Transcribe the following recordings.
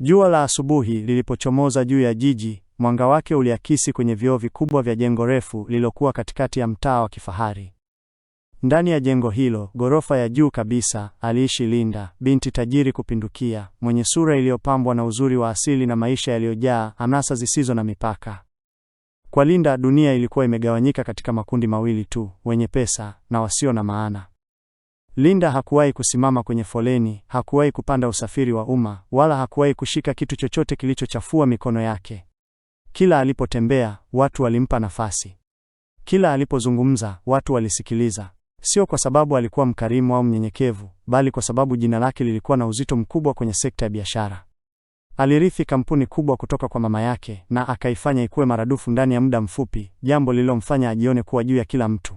Jua la asubuhi lilipochomoza juu ya jiji, mwanga wake uliakisi kwenye vioo vikubwa vya jengo refu lililokuwa katikati ya mtaa wa kifahari. Ndani ya jengo hilo, ghorofa ya juu kabisa, aliishi Linda, binti tajiri kupindukia, mwenye sura iliyopambwa na uzuri wa asili na maisha yaliyojaa anasa zisizo na mipaka. Kwa Linda, dunia ilikuwa imegawanyika katika makundi mawili tu, wenye pesa na wasio na maana. Linda hakuwahi kusimama kwenye foleni, hakuwahi kupanda usafiri wa umma, wala hakuwahi kushika kitu chochote kilichochafua mikono yake. Kila alipotembea, watu walimpa nafasi. Kila alipozungumza, watu walisikiliza, sio kwa sababu alikuwa mkarimu au mnyenyekevu, bali kwa sababu jina lake lilikuwa na uzito mkubwa kwenye sekta ya biashara. Alirithi kampuni kubwa kutoka kwa mama yake na akaifanya ikuwe maradufu ndani ya muda mfupi, jambo lililomfanya ajione kuwa juu ya kila mtu.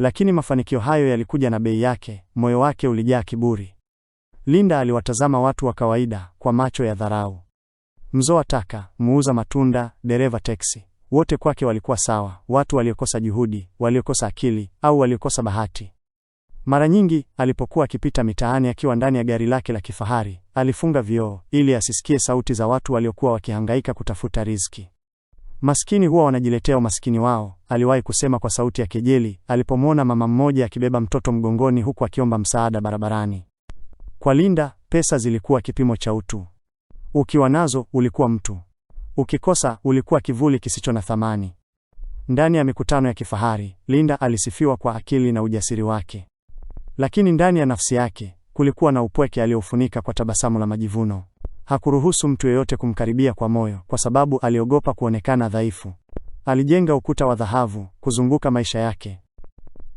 Lakini mafanikio hayo yalikuja na bei yake. Moyo wake ulijaa kiburi. Linda aliwatazama watu wa kawaida kwa macho ya dharau. Mzoa taka, muuza matunda, dereva teksi, wote kwake walikuwa sawa, watu waliokosa juhudi, waliokosa akili au waliokosa bahati. Mara nyingi alipokuwa akipita mitaani akiwa ndani ya gari lake la kifahari, alifunga vioo ili asisikie sauti za watu waliokuwa wakihangaika kutafuta riziki. Maskini huwa wanajiletea umaskini wao, aliwahi kusema kwa sauti ya kejeli alipomwona mama mmoja akibeba mtoto mgongoni huku akiomba msaada barabarani. Kwa Linda, pesa zilikuwa kipimo cha utu. Ukiwa nazo ulikuwa mtu, ukikosa ulikuwa kivuli kisicho na thamani. Ndani ya mikutano ya kifahari, Linda alisifiwa kwa akili na ujasiri wake, lakini ndani ya nafsi yake kulikuwa na upweke aliofunika kwa tabasamu la majivuno. Hakuruhusu mtu yeyote kumkaribia kwa moyo, kwa sababu aliogopa kuonekana dhaifu. Alijenga ukuta wa dhahabu kuzunguka maisha yake,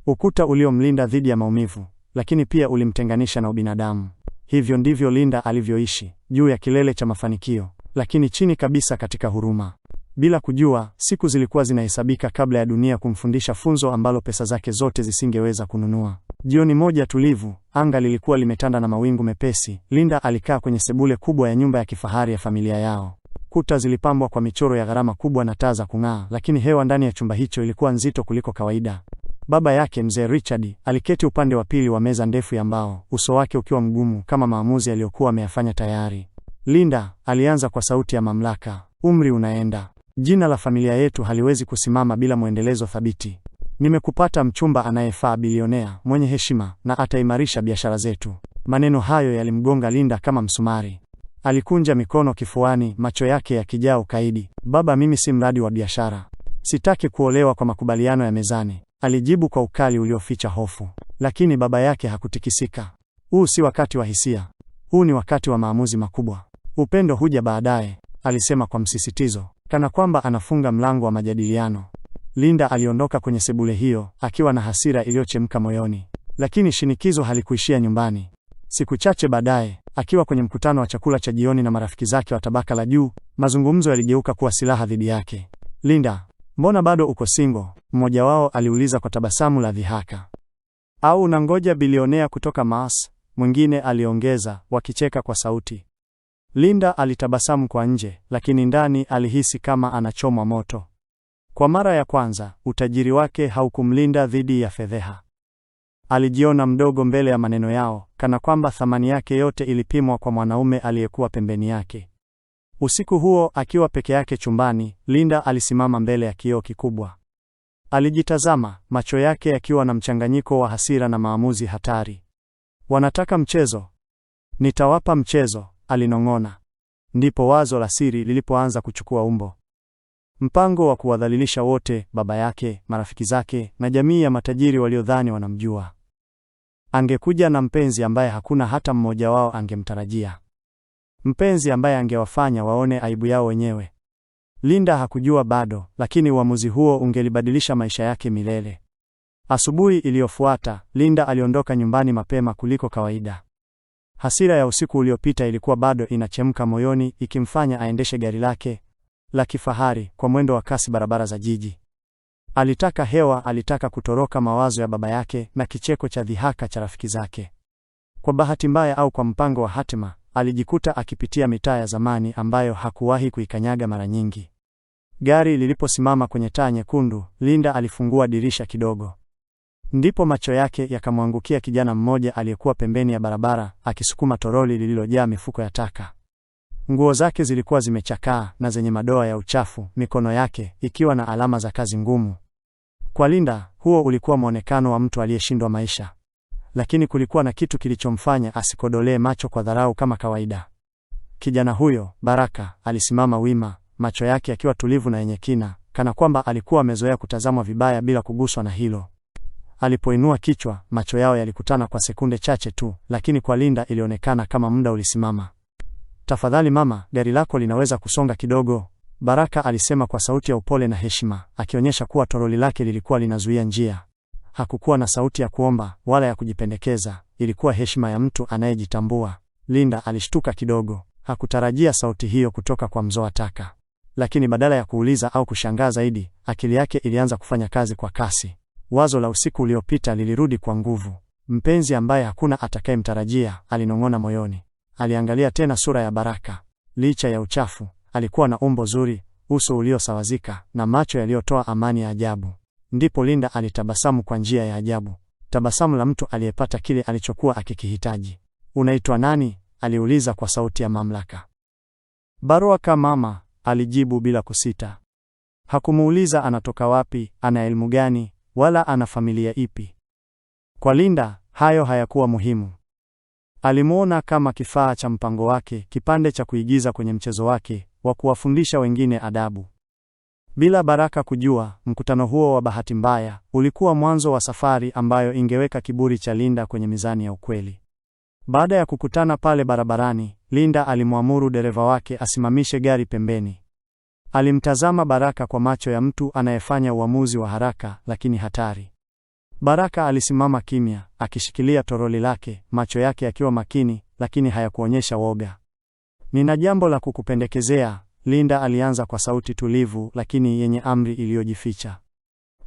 ukuta uliomlinda dhidi ya maumivu, lakini pia ulimtenganisha na ubinadamu. Hivyo ndivyo Linda alivyoishi juu ya kilele cha mafanikio, lakini chini kabisa katika huruma. Bila kujua, siku zilikuwa zinahesabika kabla ya dunia kumfundisha funzo ambalo pesa zake zote zisingeweza kununua. Jioni moja tulivu, anga lilikuwa limetanda na mawingu mepesi. Linda alikaa kwenye sebule kubwa ya nyumba ya kifahari ya familia yao. Kuta zilipambwa kwa michoro ya gharama kubwa na taa za kung'aa, lakini hewa ndani ya chumba hicho ilikuwa nzito kuliko kawaida. Baba yake mzee Richard aliketi upande wa pili wa meza ndefu ya mbao, uso wake ukiwa mgumu kama maamuzi aliyokuwa ameyafanya tayari. Linda alianza kwa sauti ya mamlaka, umri unaenda, jina la familia yetu haliwezi kusimama bila mwendelezo thabiti. Nimekupata mchumba anayefaa, bilionea mwenye heshima na ataimarisha biashara zetu. Maneno hayo yalimgonga Linda kama msumari. Alikunja mikono kifuani, macho yake yakijaa ukaidi. Baba, mimi si mradi wa biashara, sitaki kuolewa kwa makubaliano ya mezani, alijibu kwa ukali ulioficha hofu. Lakini baba yake hakutikisika. Huu si wakati wa hisia, huu ni wakati wa maamuzi makubwa. Upendo huja baadaye, alisema kwa msisitizo, kana kwamba anafunga mlango wa majadiliano. Linda aliondoka kwenye sebule hiyo akiwa na hasira iliyochemka moyoni, lakini shinikizo halikuishia nyumbani. Siku chache baadaye, akiwa kwenye mkutano wa chakula cha jioni na marafiki zake wa tabaka la juu, mazungumzo yaligeuka kuwa silaha dhidi yake. Linda, mbona bado uko single? Mmoja wao aliuliza kwa tabasamu la dhihaka. Au unangoja bilionea kutoka Mars? Mwingine aliongeza, wakicheka kwa sauti. Linda alitabasamu kwa nje, lakini ndani alihisi kama anachomwa moto. Kwa mara ya kwanza, utajiri wake haukumlinda dhidi ya fedheha. Alijiona mdogo mbele ya maneno yao, kana kwamba thamani yake yote ilipimwa kwa mwanaume aliyekuwa pembeni yake. Usiku huo akiwa peke yake chumbani, Linda alisimama mbele ya kioo kikubwa. Alijitazama, macho yake yakiwa na mchanganyiko wa hasira na maamuzi hatari. Wanataka mchezo? Nitawapa mchezo, alinong'ona. Ndipo wazo la siri lilipoanza kuchukua umbo mpango wa kuwadhalilisha wote, baba yake, marafiki zake na jamii ya matajiri waliodhani wanamjua. Angekuja na mpenzi ambaye hakuna hata mmoja wao angemtarajia, mpenzi ambaye angewafanya waone aibu yao wenyewe. Linda hakujua bado, lakini uamuzi huo ungelibadilisha maisha yake milele. Asubuhi iliyofuata, Linda aliondoka nyumbani mapema kuliko kawaida. Hasira ya usiku uliopita ilikuwa bado inachemka moyoni, ikimfanya aendeshe gari lake la kifahari kwa mwendo wa kasi barabara za jiji. Alitaka hewa, alitaka kutoroka mawazo ya baba yake na kicheko cha dhihaka cha rafiki zake. Kwa bahati mbaya au kwa mpango wa hatima, alijikuta akipitia mitaa ya zamani ambayo hakuwahi kuikanyaga mara nyingi. Gari liliposimama kwenye taa nyekundu, Linda alifungua dirisha kidogo. Ndipo macho yake yakamwangukia kijana mmoja aliyekuwa pembeni ya barabara akisukuma toroli lililojaa mifuko ya taka. Nguo zake zilikuwa zimechakaa na zenye madoa ya uchafu, mikono yake ikiwa na alama za kazi ngumu. Kwa Linda, huo ulikuwa mwonekano wa mtu aliyeshindwa maisha, lakini kulikuwa na kitu kilichomfanya asikodolee macho kwa dharau kama kawaida. Kijana huyo Baraka alisimama wima, macho yake akiwa tulivu na yenye kina, kana kwamba alikuwa amezoea kutazamwa vibaya bila kuguswa na hilo. Alipoinua kichwa, macho yao yalikutana kwa sekunde chache tu, lakini kwa Linda ilionekana kama muda ulisimama. Tafadhali mama, gari lako linaweza kusonga kidogo, Baraka alisema kwa sauti ya upole na heshima, akionyesha kuwa toroli lake lilikuwa linazuia njia. Hakukuwa na sauti ya kuomba wala ya kujipendekeza, ilikuwa heshima ya mtu anayejitambua. Linda alishtuka kidogo, hakutarajia sauti hiyo kutoka kwa mzoa taka, lakini badala ya kuuliza au kushangaa zaidi, akili yake ilianza kufanya kazi kwa kasi. Wazo la usiku uliopita lilirudi kwa nguvu. Mpenzi ambaye hakuna atakayemtarajia, alinong'ona moyoni aliangalia tena sura ya Baraka. Licha ya uchafu, alikuwa na umbo zuri, uso uliosawazika na macho yaliyotoa amani ya ajabu. Ndipo Linda alitabasamu kwa njia ya ajabu, tabasamu la mtu aliyepata kile alichokuwa akikihitaji. Unaitwa nani? aliuliza kwa sauti ya mamlaka. Baraka mama, alijibu bila kusita. Hakumuuliza anatoka wapi, ana elimu gani, wala ana familia ipi. Kwa Linda hayo hayakuwa muhimu. Alimwona kama kifaa cha mpango wake, kipande cha kuigiza kwenye mchezo wake wa kuwafundisha wengine adabu. Bila Baraka kujua, mkutano huo wa bahati mbaya ulikuwa mwanzo wa safari ambayo ingeweka kiburi cha Linda kwenye mizani ya ukweli. Baada ya kukutana pale barabarani, Linda alimwamuru dereva wake asimamishe gari pembeni. Alimtazama Baraka kwa macho ya mtu anayefanya uamuzi wa haraka lakini hatari. Baraka alisimama kimya, akishikilia toroli lake, macho yake yakiwa makini, lakini hayakuonyesha woga. Nina jambo la kukupendekezea, Linda alianza kwa sauti tulivu lakini yenye amri iliyojificha.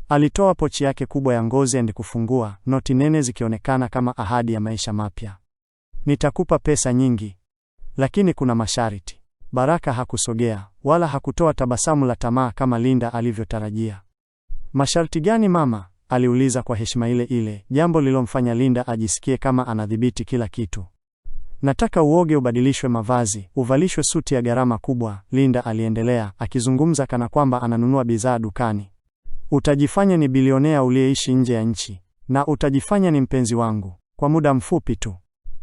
Alitoa pochi yake kubwa ya ngozi na kufungua, noti nene zikionekana kama ahadi ya maisha mapya. Nitakupa pesa nyingi, lakini kuna masharti. Baraka hakusogea wala hakutoa tabasamu la tamaa kama Linda alivyotarajia. Masharti gani mama? aliuliza kwa heshima ile ile, jambo lilomfanya Linda ajisikie kama anadhibiti kila kitu. Nataka uoge, ubadilishwe mavazi, uvalishwe suti ya gharama kubwa, Linda aliendelea, akizungumza kana kwamba ananunua bidhaa dukani. Utajifanya ni bilionea uliyeishi nje ya nchi, na utajifanya ni mpenzi wangu kwa muda mfupi tu.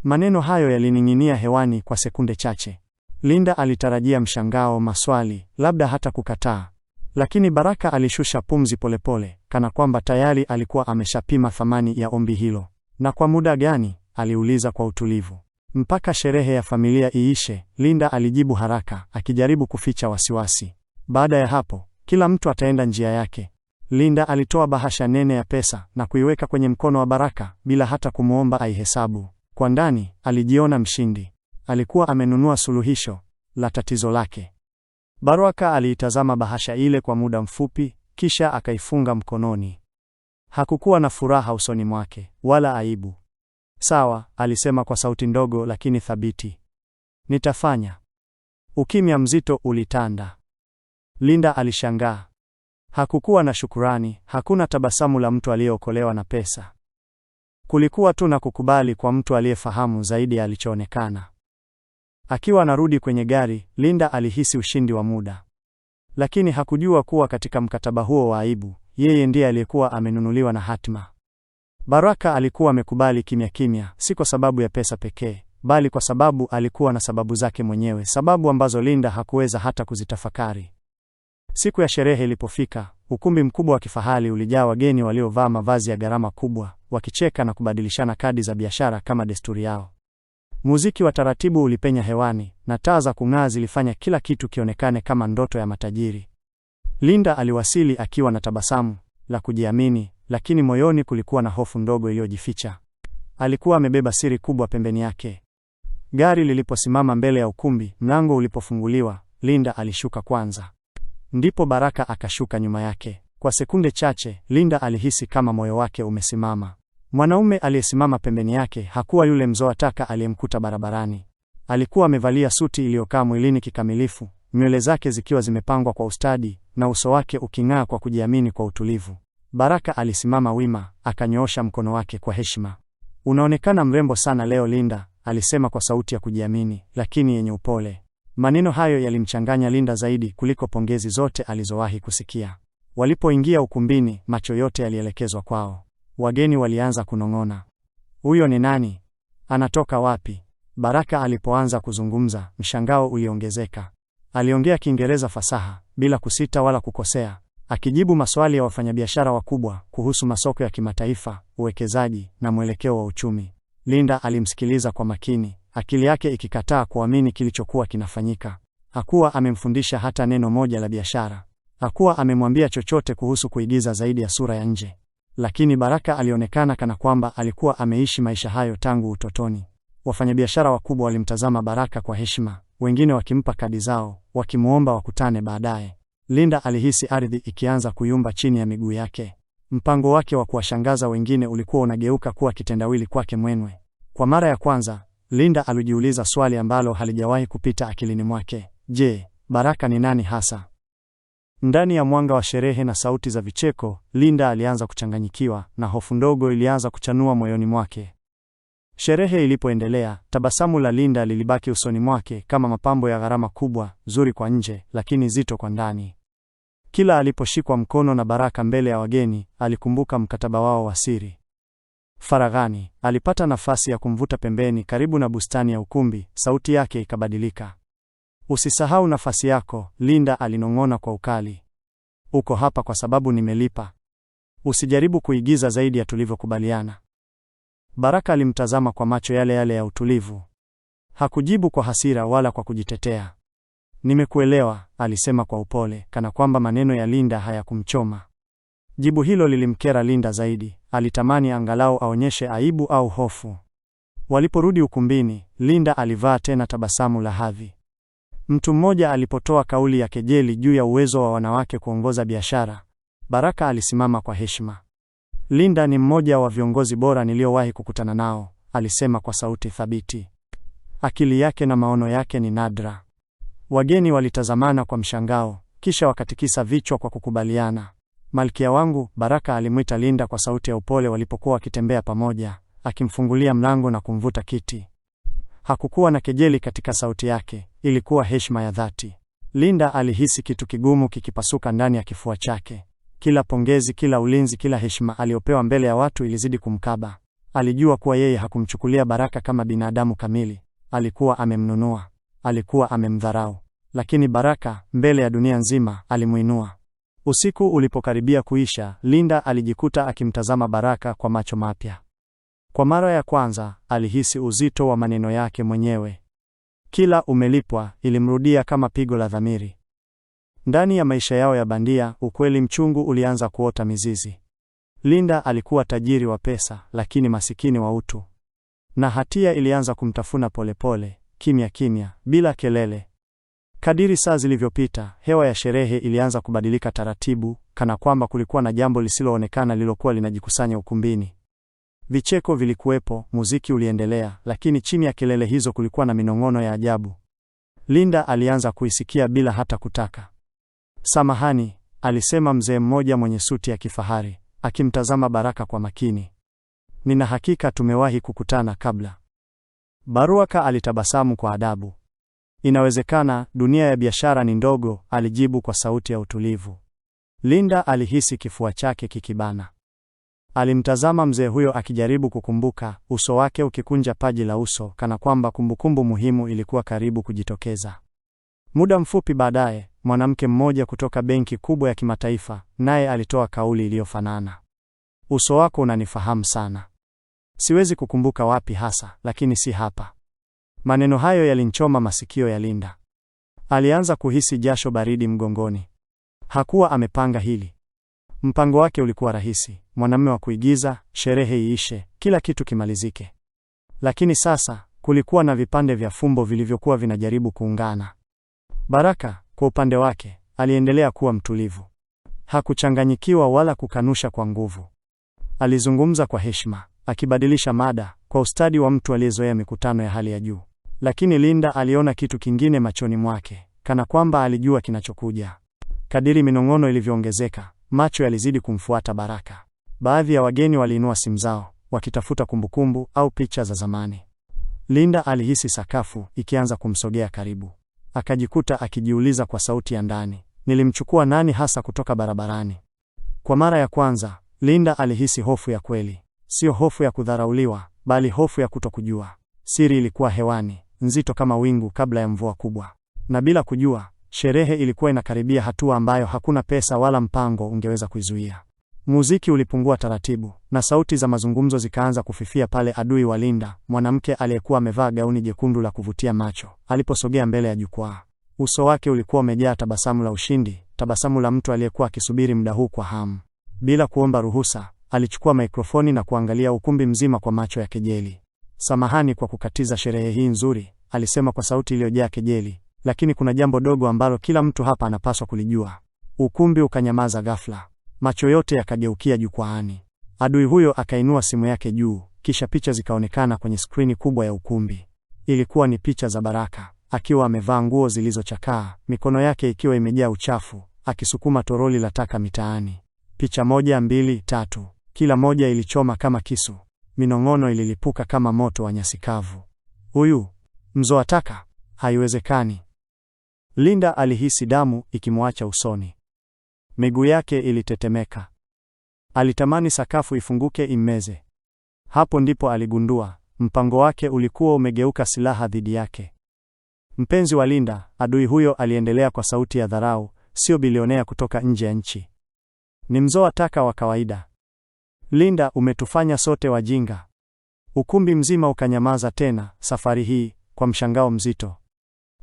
Maneno hayo yalining'inia hewani kwa sekunde chache. Linda alitarajia mshangao, maswali, labda hata kukataa. Lakini Baraka alishusha pumzi polepole, kana kwamba tayari alikuwa ameshapima thamani ya ombi hilo. Na kwa muda gani? aliuliza kwa utulivu. Mpaka sherehe ya familia iishe, Linda alijibu haraka, akijaribu kuficha wasiwasi. Baada ya hapo, kila mtu ataenda njia yake. Linda alitoa bahasha nene ya pesa na kuiweka kwenye mkono wa Baraka bila hata kumwomba aihesabu. Kwa ndani, alijiona mshindi. Alikuwa amenunua suluhisho la tatizo lake. Baraka aliitazama bahasha ile kwa muda mfupi, kisha akaifunga mkononi. Hakukuwa na furaha usoni mwake wala aibu. Sawa, alisema kwa sauti ndogo lakini thabiti, nitafanya. Ukimya mzito ulitanda. Linda alishangaa. Hakukuwa na shukurani, hakuna tabasamu la mtu aliyeokolewa na pesa. Kulikuwa tu na kukubali kwa mtu aliyefahamu zaidi alichoonekana. Akiwa anarudi kwenye gari, Linda alihisi ushindi wa muda, lakini hakujua kuwa katika mkataba huo wa aibu, yeye ndiye aliyekuwa amenunuliwa na hatima. Baraka alikuwa amekubali kimya kimya, si kwa sababu ya pesa pekee, bali kwa sababu alikuwa na sababu zake mwenyewe, sababu ambazo Linda hakuweza hata kuzitafakari. Siku ya sherehe ilipofika, ukumbi mkubwa wa kifahari ulijaa wageni waliovaa mavazi ya gharama kubwa, wakicheka na kubadilishana kadi za biashara kama desturi yao. Muziki wa taratibu ulipenya hewani na taa za kung'aa zilifanya kila kitu kionekane kama ndoto ya matajiri. Linda aliwasili akiwa na tabasamu la kujiamini, lakini moyoni kulikuwa na hofu ndogo iliyojificha. Alikuwa amebeba siri kubwa pembeni yake. Gari liliposimama mbele ya ukumbi, mlango ulipofunguliwa, Linda alishuka kwanza, ndipo Baraka akashuka nyuma yake. Kwa sekunde chache, Linda alihisi kama moyo wake umesimama. Mwanaume aliyesimama pembeni yake hakuwa yule mzoa taka aliyemkuta barabarani. Alikuwa amevalia suti iliyokaa mwilini kikamilifu, nywele zake zikiwa zimepangwa kwa ustadi na uso wake uking'aa kwa kujiamini kwa utulivu. Baraka alisimama wima, akanyoosha mkono wake kwa heshima. Unaonekana mrembo sana leo Linda, alisema kwa sauti ya kujiamini lakini yenye upole. Maneno hayo yalimchanganya Linda zaidi kuliko pongezi zote alizowahi kusikia. Walipoingia ukumbini, macho yote yalielekezwa kwao. Wageni walianza kunong'ona, huyo ni nani? Anatoka wapi? Baraka alipoanza kuzungumza, mshangao uliongezeka. Aliongea Kiingereza fasaha bila kusita wala kukosea, akijibu maswali ya wafanyabiashara wakubwa kuhusu masoko ya kimataifa, uwekezaji na mwelekeo wa uchumi. Linda alimsikiliza kwa makini, akili yake ikikataa kuamini kilichokuwa kinafanyika. Hakuwa amemfundisha hata neno moja la biashara, hakuwa amemwambia chochote kuhusu kuigiza zaidi ya sura ya nje lakini Baraka alionekana kana kwamba alikuwa ameishi maisha hayo tangu utotoni. Wafanyabiashara wakubwa walimtazama Baraka kwa heshima, wengine wakimpa kadi zao, wakimwomba wakutane baadaye. Linda alihisi ardhi ikianza kuyumba chini ya miguu yake. Mpango wake wa kuwashangaza wengine ulikuwa unageuka kuwa kitendawili kwake mwenwe. Kwa mara ya kwanza, Linda alijiuliza swali ambalo halijawahi kupita akilini mwake: je, Baraka ni nani hasa? Ndani ya mwanga wa sherehe na sauti za vicheko, Linda alianza kuchanganyikiwa na hofu ndogo ilianza kuchanua moyoni mwake. Sherehe ilipoendelea, tabasamu la Linda lilibaki usoni mwake kama mapambo ya gharama kubwa, zuri kwa nje lakini zito kwa ndani. Kila aliposhikwa mkono na Baraka mbele ya wageni, alikumbuka mkataba wao wa siri. Faraghani, alipata nafasi ya kumvuta pembeni karibu na bustani ya ukumbi, sauti yake ikabadilika. Usisahau nafasi yako, Linda alinong'ona kwa ukali. Uko hapa kwa sababu nimelipa. Usijaribu kuigiza zaidi ya tulivyokubaliana. Baraka alimtazama kwa macho yale yale ya utulivu. Hakujibu kwa hasira wala kwa kujitetea. Nimekuelewa, alisema kwa upole, kana kwamba maneno ya Linda hayakumchoma. Jibu hilo lilimkera Linda zaidi, alitamani angalau aonyeshe aibu au hofu. Waliporudi ukumbini, Linda alivaa tena tabasamu la hadhi. Mtu mmoja alipotoa kauli ya kejeli juu ya uwezo wa wanawake kuongoza biashara, Baraka alisimama kwa heshima. Linda ni mmoja wa viongozi bora niliyowahi kukutana nao, alisema kwa sauti thabiti. Akili yake na maono yake ni nadra. Wageni walitazamana kwa mshangao, kisha wakatikisa vichwa kwa kukubaliana. Malkia wangu, Baraka alimwita Linda kwa sauti ya upole walipokuwa wakitembea pamoja, akimfungulia mlango na kumvuta kiti. Hakukuwa na kejeli katika sauti yake, ilikuwa heshima ya dhati. Linda alihisi kitu kigumu kikipasuka ndani ya kifua chake. Kila pongezi, kila ulinzi, kila heshima aliyopewa mbele ya watu ilizidi kumkaba. Alijua kuwa yeye hakumchukulia Baraka kama binadamu kamili, alikuwa amemnunua, alikuwa amemdharau, lakini Baraka mbele ya dunia nzima alimuinua. Usiku ulipokaribia kuisha, Linda alijikuta akimtazama Baraka kwa macho mapya. Kwa mara ya kwanza alihisi uzito wa maneno yake mwenyewe. Kila umelipwa ilimrudia kama pigo la dhamiri. Ndani ya maisha yao ya bandia, ukweli mchungu ulianza kuota mizizi. Linda alikuwa tajiri wa pesa, lakini masikini wa utu, na hatia ilianza kumtafuna polepole, kimya kimya, bila kelele. Kadiri saa zilivyopita, hewa ya sherehe ilianza kubadilika taratibu, kana kwamba kulikuwa na jambo lisiloonekana lilokuwa linajikusanya ukumbini. Vicheko vilikuwepo, muziki uliendelea, lakini chini ya kelele hizo kulikuwa na minong'ono ya ajabu. Linda alianza kuisikia bila hata kutaka. Samahani, alisema mzee mmoja mwenye suti ya kifahari, akimtazama Baraka kwa makini. Nina hakika tumewahi kukutana kabla. baruaka alitabasamu kwa adabu. Inawezekana, dunia ya biashara ni ndogo, alijibu kwa sauti ya utulivu. Linda alihisi kifua chake kikibana. Alimtazama mzee huyo akijaribu kukumbuka, uso wake ukikunja paji la uso kana kwamba kumbukumbu muhimu ilikuwa karibu kujitokeza. Muda mfupi baadaye, mwanamke mmoja kutoka benki kubwa ya kimataifa naye alitoa kauli iliyofanana. Uso wako unanifahamu sana. Siwezi kukumbuka wapi hasa, lakini si hapa. Maneno hayo yalinchoma masikio ya Linda. Alianza kuhisi jasho baridi mgongoni. Hakuwa amepanga hili. Mpango wake ulikuwa rahisi: mwanamume wa kuigiza, sherehe iishe, kila kitu kimalizike. Lakini sasa kulikuwa na vipande vya fumbo vilivyokuwa vinajaribu kuungana. Baraka kwa upande wake aliendelea kuwa mtulivu, hakuchanganyikiwa wala kukanusha kwa nguvu. Alizungumza kwa heshima, akibadilisha mada kwa ustadi wa mtu aliyezoea mikutano ya hali ya juu. Lakini Linda aliona kitu kingine machoni mwake, kana kwamba alijua kinachokuja. Kadiri minong'ono ilivyoongezeka, Macho yalizidi kumfuata Baraka. Baadhi ya wageni waliinua simu zao wakitafuta kumbukumbu au picha za zamani. Linda alihisi sakafu ikianza kumsogea karibu, akajikuta akijiuliza kwa sauti ya ndani, nilimchukua nani hasa kutoka barabarani? Kwa mara ya kwanza Linda alihisi hofu ya kweli, sio hofu ya kudharauliwa, bali hofu ya kutokujua. Siri ilikuwa hewani, nzito kama wingu kabla ya mvua kubwa, na bila kujua Sherehe ilikuwa inakaribia hatua ambayo hakuna pesa wala mpango ungeweza kuizuia. Muziki ulipungua taratibu na sauti za mazungumzo zikaanza kufifia pale adui wa Linda, mwanamke aliyekuwa amevaa gauni jekundu la kuvutia macho, aliposogea mbele ya jukwaa. Uso wake ulikuwa umejaa tabasamu la ushindi, tabasamu la mtu aliyekuwa akisubiri muda huu kwa hamu. Bila kuomba ruhusa, alichukua mikrofoni na kuangalia ukumbi mzima kwa macho ya kejeli. Samahani kwa kukatiza sherehe hii nzuri, alisema kwa sauti iliyojaa kejeli, lakini kuna jambo dogo ambalo kila mtu hapa anapaswa kulijua. Ukumbi ukanyamaza ghafla, macho yote yakageukia jukwaani. Adui huyo akainua simu yake juu, kisha picha zikaonekana kwenye skrini kubwa ya ukumbi. Ilikuwa ni picha za Baraka akiwa amevaa nguo zilizochakaa, mikono yake ikiwa imejaa uchafu, akisukuma toroli la taka mitaani. Picha moja, mbili, tatu, kila moja ilichoma kama kisu. Minong'ono ililipuka kama moto wa nyasi kavu. Huyu mzoa taka? Haiwezekani! Linda alihisi damu ikimwacha usoni. Miguu yake ilitetemeka. Alitamani sakafu ifunguke immeze. Hapo ndipo aligundua mpango wake ulikuwa umegeuka silaha dhidi yake. Mpenzi wa Linda, adui huyo aliendelea kwa sauti ya dharau, sio bilionea kutoka nje ya nchi. Ni mzoa taka wa kawaida. Linda, umetufanya sote wajinga. Ukumbi mzima ukanyamaza tena, safari hii kwa mshangao mzito.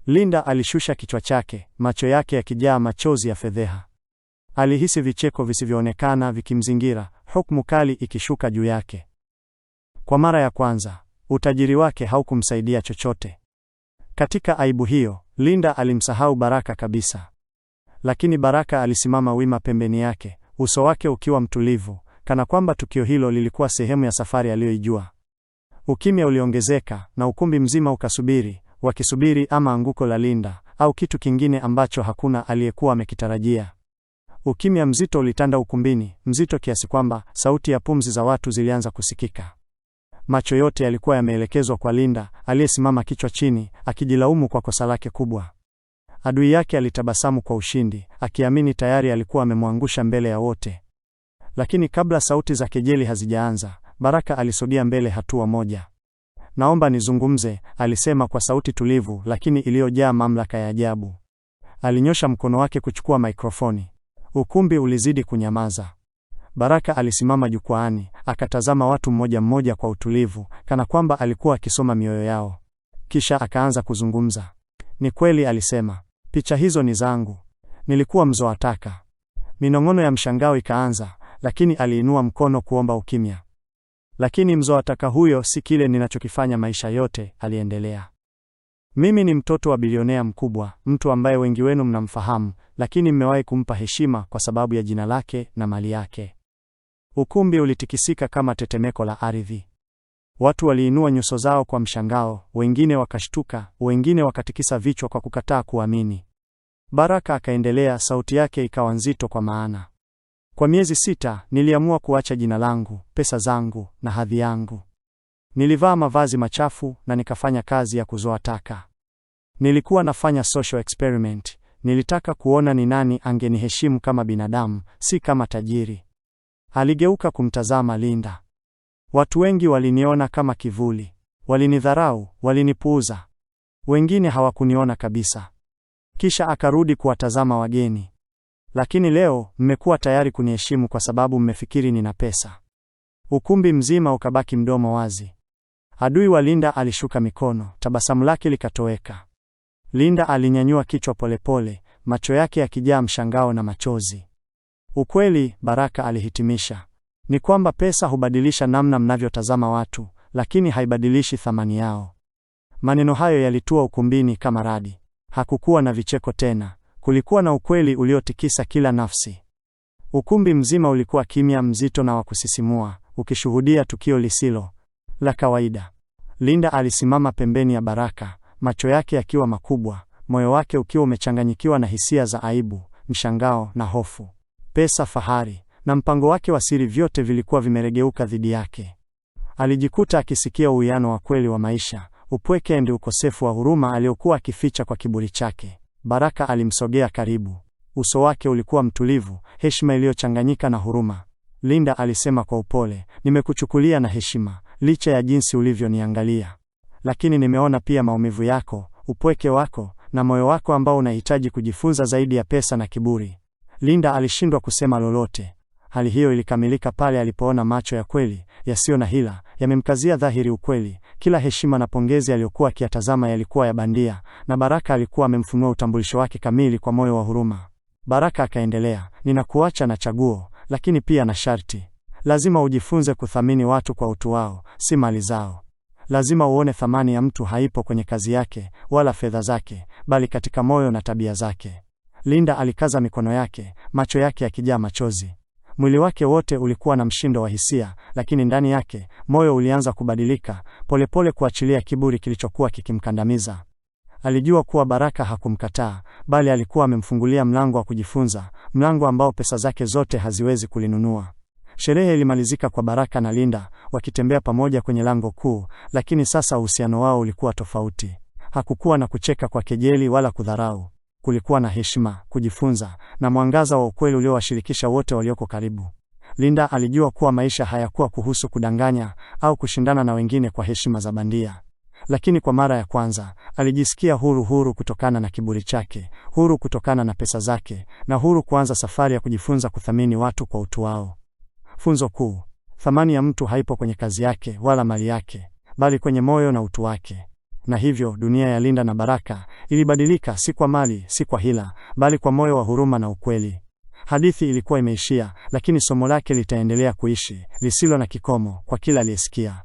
Linda alishusha kichwa chake, macho yake yakijaa machozi ya fedheha. Alihisi vicheko visivyoonekana vikimzingira, hukumu kali ikishuka juu yake. Kwa mara ya kwanza, utajiri wake haukumsaidia chochote. Katika aibu hiyo, Linda alimsahau Baraka kabisa. Lakini Baraka alisimama wima pembeni yake, uso wake ukiwa mtulivu, kana kwamba tukio hilo lilikuwa sehemu ya safari aliyoijua. Ukimya uliongezeka na ukumbi mzima ukasubiri, wakisubiri ama anguko la Linda au kitu kingine ambacho hakuna aliyekuwa amekitarajia. Ukimya mzito ulitanda ukumbini, mzito kiasi kwamba sauti ya pumzi za watu zilianza kusikika. Macho yote yalikuwa yameelekezwa kwa Linda aliyesimama kichwa chini, akijilaumu kwa kosa lake kubwa. Adui yake alitabasamu kwa ushindi, akiamini tayari alikuwa amemwangusha mbele ya wote. Lakini kabla sauti za kejeli hazijaanza, Baraka alisogea mbele hatua moja. Naomba nizungumze, alisema kwa sauti tulivu lakini iliyojaa mamlaka ya ajabu. Alinyosha mkono wake kuchukua mikrofoni Ukumbi ulizidi kunyamaza. Baraka alisimama jukwaani, akatazama watu mmoja mmoja kwa utulivu, kana kwamba alikuwa akisoma mioyo yao. Kisha akaanza kuzungumza. Ni kweli, alisema, picha hizo ni zangu, nilikuwa taka. Minong'ono ya mshangao ikaanza, lakini aliinua mkono kuomba ukimya lakini mzoataka huyo si kile ninachokifanya maisha yote, aliendelea. Mimi ni mtoto wa bilionea mkubwa, mtu ambaye wengi wenu mnamfahamu, lakini mmewahi kumpa heshima kwa sababu ya jina lake na mali yake. Ukumbi ulitikisika kama tetemeko la ardhi. Watu waliinua nyuso zao kwa mshangao, wengine wakashtuka, wengine wakatikisa vichwa kwa kukataa kuamini. Baraka akaendelea, sauti yake ikawa nzito kwa maana kwa miezi sita niliamua kuacha jina langu, pesa zangu na hadhi yangu. Nilivaa mavazi machafu na nikafanya kazi ya kuzoa taka. Nilikuwa nafanya social experiment. Nilitaka kuona ni nani angeniheshimu kama binadamu, si kama tajiri. Aligeuka kumtazama Linda. Watu wengi waliniona kama kivuli, walinidharau, walinipuuza, wengine hawakuniona kabisa. Kisha akarudi kuwatazama wageni. Lakini leo mmekuwa tayari kuniheshimu kwa sababu mmefikiri nina pesa. Ukumbi mzima ukabaki mdomo wazi. Adui wa Linda alishuka mikono, tabasamu lake likatoweka. Linda alinyanyua kichwa polepole, macho yake yakijaa mshangao na machozi. Ukweli, Baraka alihitimisha, ni kwamba pesa hubadilisha namna mnavyotazama watu, lakini haibadilishi thamani yao. Maneno hayo yalitua ukumbini kama radi. Hakukuwa na vicheko tena. Kulikuwa na ukweli uliotikisa kila nafsi. Ukumbi mzima ulikuwa kimya mzito na wa kusisimua, ukishuhudia tukio lisilo la kawaida. Linda alisimama pembeni ya Baraka, macho yake yakiwa makubwa, moyo wake ukiwa umechanganyikiwa na hisia za aibu, mshangao na hofu. Pesa, fahari na mpango wake wa siri, vyote vilikuwa vimeregeuka dhidi yake. Alijikuta akisikia uwiano wa kweli wa maisha, upweke ndio ukosefu wa huruma aliokuwa akificha kwa kiburi chake. Baraka alimsogea karibu. Uso wake ulikuwa mtulivu, heshima iliyochanganyika na huruma. Linda alisema kwa upole, nimekuchukulia na heshima licha ya jinsi ulivyoniangalia, lakini nimeona pia maumivu yako, upweke wako na moyo wako ambao unahitaji kujifunza zaidi ya pesa na kiburi. Linda alishindwa kusema lolote. Hali hiyo ilikamilika pale alipoona macho ya kweli yasiyo na hila yamemkazia dhahiri ukweli. Kila heshima na pongezi aliyokuwa akiyatazama yalikuwa ya bandia, na Baraka alikuwa amemfunua utambulisho wake kamili kwa moyo wa huruma. Baraka akaendelea, ninakuacha na chaguo, lakini pia na sharti. Lazima ujifunze kuthamini watu kwa utu wao, si mali zao. Lazima uone thamani ya mtu haipo kwenye kazi yake wala fedha zake, bali katika moyo na tabia zake. Linda alikaza mikono yake, macho yake yakijaa machozi. Mwili wake wote ulikuwa na mshindo wa hisia, lakini ndani yake moyo ulianza kubadilika polepole, kuachilia kiburi kilichokuwa kikimkandamiza. Alijua kuwa Baraka hakumkataa, bali alikuwa amemfungulia mlango wa kujifunza, mlango ambao pesa zake zote haziwezi kulinunua. Sherehe ilimalizika kwa Baraka na Linda wakitembea pamoja kwenye lango kuu, lakini sasa uhusiano wao ulikuwa tofauti. Hakukuwa na kucheka kwa kejeli wala kudharau kulikuwa na heshima, kujifunza na mwangaza wa ukweli uliowashirikisha wote walioko karibu. Linda alijua kuwa maisha hayakuwa kuhusu kudanganya au kushindana na wengine kwa heshima za bandia. Lakini kwa mara ya kwanza alijisikia huru, huru kutokana na kiburi chake, huru kutokana na pesa zake, na huru kuanza safari ya kujifunza kuthamini watu kwa utu wao. Funzo kuu: thamani ya mtu haipo kwenye kazi yake wala mali yake, bali kwenye moyo na utu wake na hivyo dunia ya Linda na Baraka ilibadilika, si kwa mali, si kwa hila, bali kwa moyo wa huruma na ukweli. Hadithi ilikuwa imeishia, lakini somo lake litaendelea kuishi, lisilo na kikomo, kwa kila aliyesikia.